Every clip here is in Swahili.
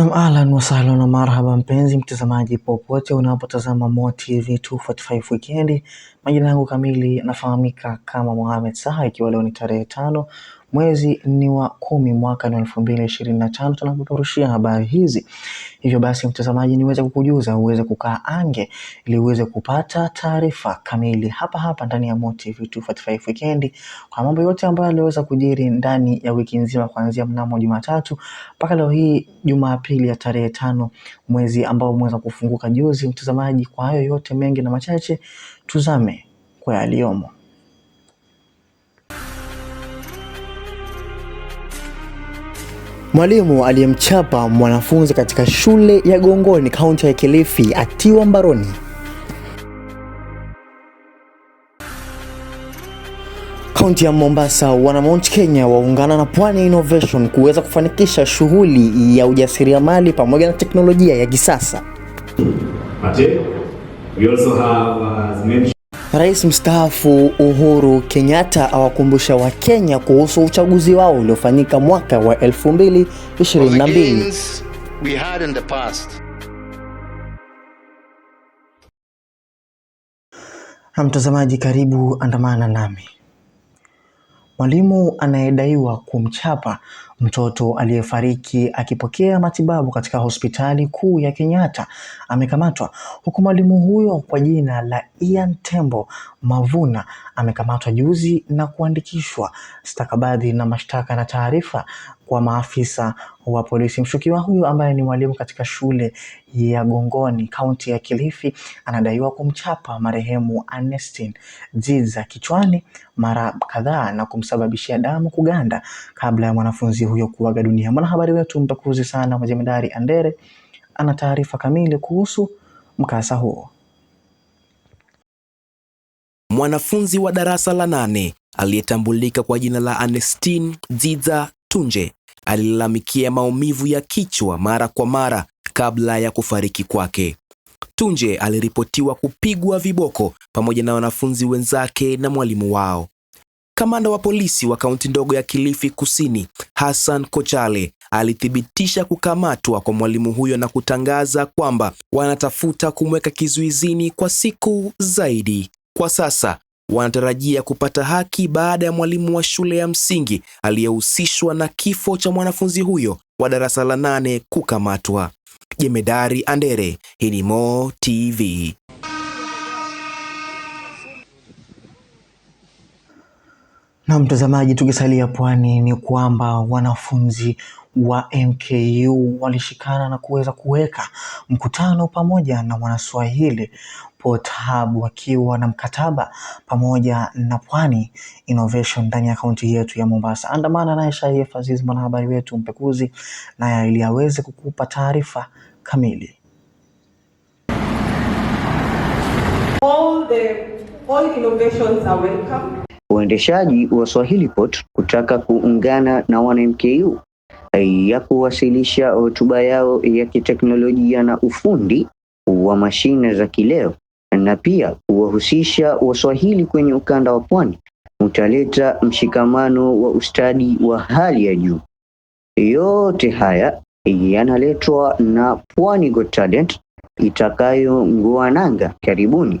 Naam, ahlan wasahlan na marhaba, mpenzi mtazamaji popote unapotazama Mo TV 245 Wikendi. Majina yangu kamili nafahamika kama Mohamed Saha, ikiwa leo ni tarehe tano mwezi ni wa kumi mwaka na elfu mbili ishirini na tano tunakuperushia habari hizi. Hivyo basi, mtazamaji, niweze kukujuza uweze kukaa ange ili uweze kupata taarifa kamili hapa hapa ndani ya MOTV 245 wikendi kwa mambo yote ambayo yaliweza kujiri ndani ya wiki nzima kuanzia mnamo Jumatatu mpaka leo hii Jumapili ya tarehe tano mwezi ambao umeweza kufunguka juzi. Mtazamaji, kwa hayo yote mengi na machache, tuzame kwa yaliyomo. Mwalimu aliyemchapa mwanafunzi katika shule ya Gongoni kaunti ya Kilifi atiwa mbaroni. Kaunti ya Mombasa, wana Mount Kenya waungana na Pwani Innovation kuweza kufanikisha shughuli ya ujasiriamali pamoja na teknolojia ya kisasa. Uh, Rais mstaafu Uhuru Kenyatta awakumbusha Wakenya kuhusu uchaguzi wao uliofanyika mwaka wa 2022. Mtazamaji, karibu andamana nami. Mwalimu anayedaiwa kumchapa Mtoto aliyefariki akipokea matibabu katika hospitali kuu ya Kenyatta amekamatwa, huku mwalimu huyo kwa jina la Ian Tembo Mavuna amekamatwa juzi na kuandikishwa stakabadhi na mashtaka na taarifa kwa maafisa wa polisi. Mshukiwa huyu ambaye ni mwalimu katika shule ya Gongoni, kaunti ya Kilifi, anadaiwa kumchapa marehemu Anestin Ziza kichwani mara kadhaa na kumsababishia damu kuganda kabla ya mwanafunzi huyo kuaga dunia. Mwanahabari wetu mpakuzi sana Jemedari Andere ana taarifa kamili kuhusu mkasa huo. Mwanafunzi wa darasa la nane aliyetambulika kwa jina la Anestin Dziza Tunje alilalamikia maumivu ya kichwa mara kwa mara kabla ya kufariki kwake. Tunje aliripotiwa kupigwa viboko pamoja na wanafunzi wenzake na mwalimu wao. Kamanda wa polisi wa kaunti ndogo ya Kilifi Kusini, Hassan Kochale, alithibitisha kukamatwa kwa mwalimu huyo na kutangaza kwamba wanatafuta kumweka kizuizini kwa siku zaidi. Kwa sasa wanatarajia kupata haki baada ya mwalimu wa shule ya msingi aliyehusishwa na kifo cha mwanafunzi huyo wa darasa la nane kukamatwa. Jemedari Andere, hii ni Mo TV. Na mtazamaji, tukisalia pwani ni kwamba wanafunzi wa MKU walishikana na kuweza kuweka mkutano pamoja na Wanaswahili Port Hub wakiwa na mkataba pamoja na Pwani Innovation ndani ya kaunti yetu ya Mombasa. Andamana naye Shaifa Aziz, mwanahabari wetu mpekuzi, naye ili aweze kukupa taarifa kamili. All the, all innovations are welcome. Waendeshaji wa swahili pot kutaka kuungana na WanamKU ya kuwasilisha hotuba yao ya kiteknolojia na ufundi wa mashine za kileo na pia kuwahusisha Waswahili kwenye ukanda wa pwani utaleta mshikamano wa ustadi wa hali ya juu. Yote haya yanaletwa na Pwani Got Talent itakayoungua nanga karibuni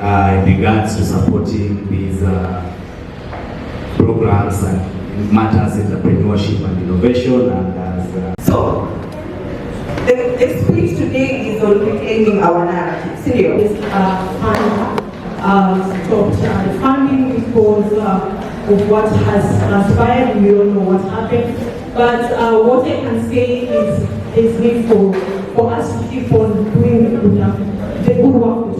uh, in regards to supporting these uh, programs and matters entrepreneurship and innovation. And as, uh, so, the, the speech today is on retaining our narrative. Serious. Uh, uh, stopped uh, funding because uh, of what has transpired. We all know what happened. But uh, what I can say is, is need for, for us to keep on doing the good, the good work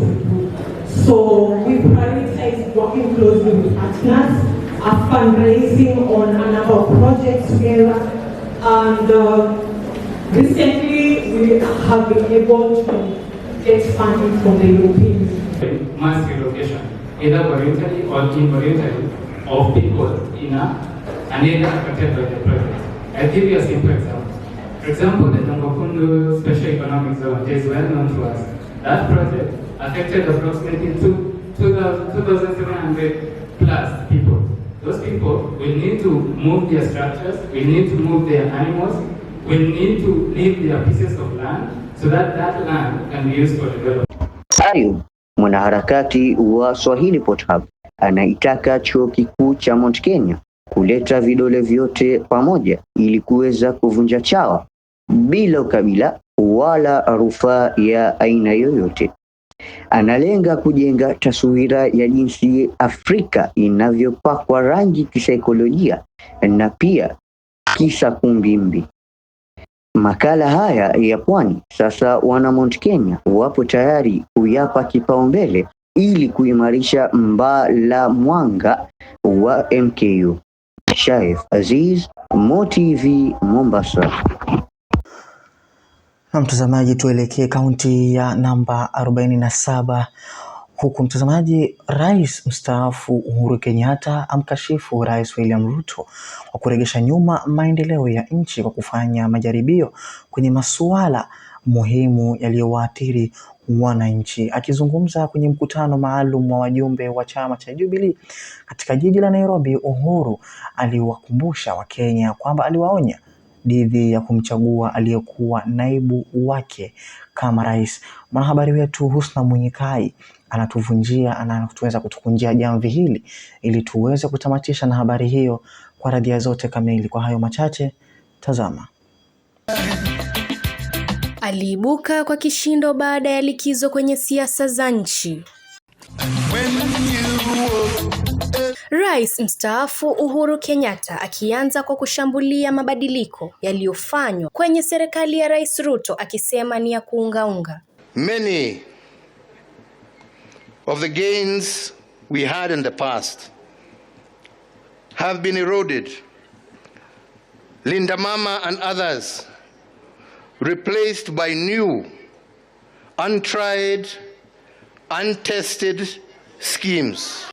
so we prioritize working closely with partners, fundraising on a number of projects together, and uh, recently we have been able to get funding from the European Mass relocation, either voluntarily or involuntarily, of people in a, an area affected by the project. I'll give you a simple example. For example, the Nangokundu Special Economic Zone is well known to us. That project affected approximately 2,700 plus people. Those people will need to move their structures, will need to move their animals, will need to leave their pieces of land so that that land can be used for development. Ayub, mwanaharakati wa Swahili Pot Hub, anaitaka chuo kikuu cha Mount Kenya kuleta vidole vyote pamoja ili kuweza kuvunja chawa bila ukabila wala rufaa ya aina yoyote. Analenga kujenga taswira ya jinsi Afrika inavyopakwa rangi kisaikolojia na pia kumbimbi. Makala haya ya Pwani sasa wana Mount Kenya wapo tayari kuyapa kipaumbele ili kuimarisha mbaa la mwanga wa MKU. Shaif Aziz, MoTV Mombasa. Na mtazamaji, tuelekee kaunti ya namba 47 huku mtazamaji, rais mstaafu Uhuru Kenyatta amkashifu rais William Ruto kwa kuregesha nyuma maendeleo ya nchi kwa kufanya majaribio kwenye masuala muhimu yaliyowaathiri wananchi. Akizungumza kwenye mkutano maalum wa wajumbe wa chama cha Jubilee katika jiji la Nairobi, Uhuru aliwakumbusha Wakenya kwamba aliwaonya dhidi ya kumchagua aliyekuwa naibu wake kama rais. Mwanahabari wetu Husna Munyikai anatuvunjia anatuweza kutukunjia jamvi hili ili tuweze kutamatisha na habari hiyo kwa radhia zote kamili. Kwa hayo machache, tazama. Aliibuka kwa kishindo baada ya likizo kwenye siasa za nchi. Rais mstaafu Uhuru Kenyatta akianza kwa kushambulia mabadiliko yaliyofanywa kwenye serikali ya Rais Ruto akisema ni ya kuungaunga. Many of the gains we had in the past have been eroded. Linda Mama and others replaced by new untried, untested schemes.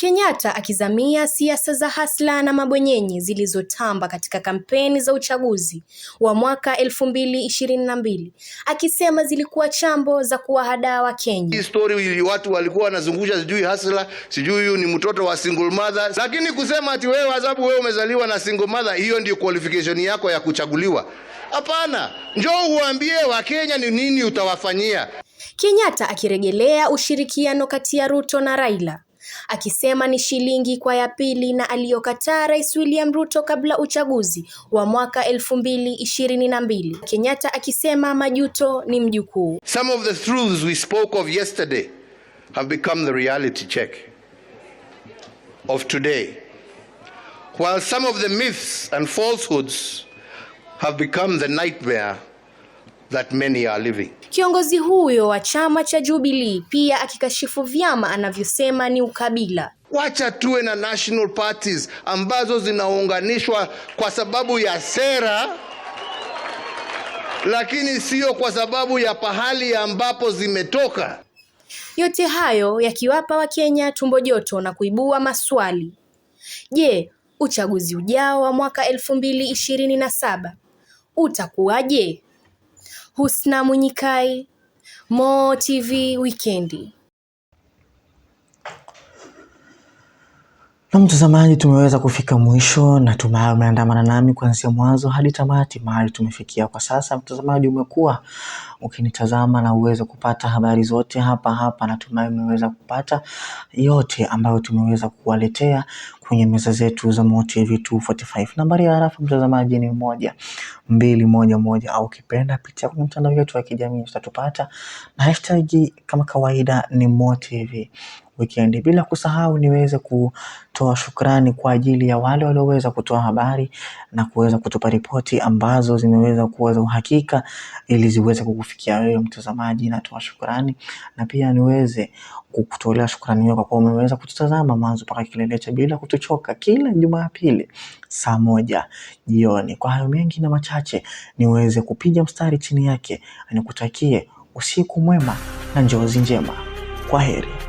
Kenyatta akizamia siasa za hasla na mabwenyenye zilizotamba katika kampeni za uchaguzi wa mwaka elfu mbili ishirini na mbili akisema zilikuwa chambo za kuwahadaa Kenya. Hii story watu walikuwa wanazungusha, sijui hasla, sijui huyu ni mtoto wa single mother, lakini kusema ati wewe sababu wewe umezaliwa na single mother, hiyo ndio qualification yako ya kuchaguliwa? Hapana, njoo uambie Wakenya ni nini utawafanyia. Kenyatta akirejelea ushirikiano kati ya Ruto na Raila akisema ni shilingi kwa ya pili na aliyokataa Rais William Ruto kabla uchaguzi wa mwaka 2022. Kenyatta akisema majuto ni mjukuu. Some of the truths we spoke of yesterday have become the reality check of today. While some of the myths and falsehoods have become the nightmare that many are living. Kiongozi huyo wa chama cha Jubilee pia akikashifu vyama anavyosema ni ukabila. Wacha tuwe na national parties ambazo zinaunganishwa kwa sababu ya sera lakini sio kwa sababu ya pahali ambapo zimetoka. Yote hayo yakiwapa Wakenya tumbo joto na kuibua maswali. Je, uchaguzi ujao wa mwaka elfu mbili ishirini na saba utakuwaje? Husna Munyikai, Mo TV Wikendi. Na mtazamaji, tumeweza kufika mwisho na tumaye umeandamana nami kuanzia mwanzo hadi tamati. Mahali tumefikia kwa sasa, mtazamaji, umekuwa ukinitazama na uweze kupata habari zote hapa hapa. na tumaye umeweza kupata yote ambayo tumeweza kuwaletea kwenye meza zetu za MOTV 245. Nambari ya harafu mtazamaji ni moja mbili moja moja, au kipenda pitia kwenye mtandao wetu wa kijamii utatupata na hashtag kama kawaida ni MOTV weekend, Bila kusahau niweze kutoa shukrani kwa ajili ya wale walioweza kutoa habari na kuweza kutupa ripoti ambazo zimeweza kuweza uhakika ili ziweze kukufikia wewe mtazamaji. Natoa shukrani na pia niweze kukutolea shukrani hiyo kwa kuwa umeweza kututazama mwanzo mpaka kilele cha bila kutuchoka kila Jumapili saa moja jioni. Kwa hayo mengi na machache, niweze kupiga mstari chini yake, nikutakie usiku mwema na njozi njema. Kwa heri.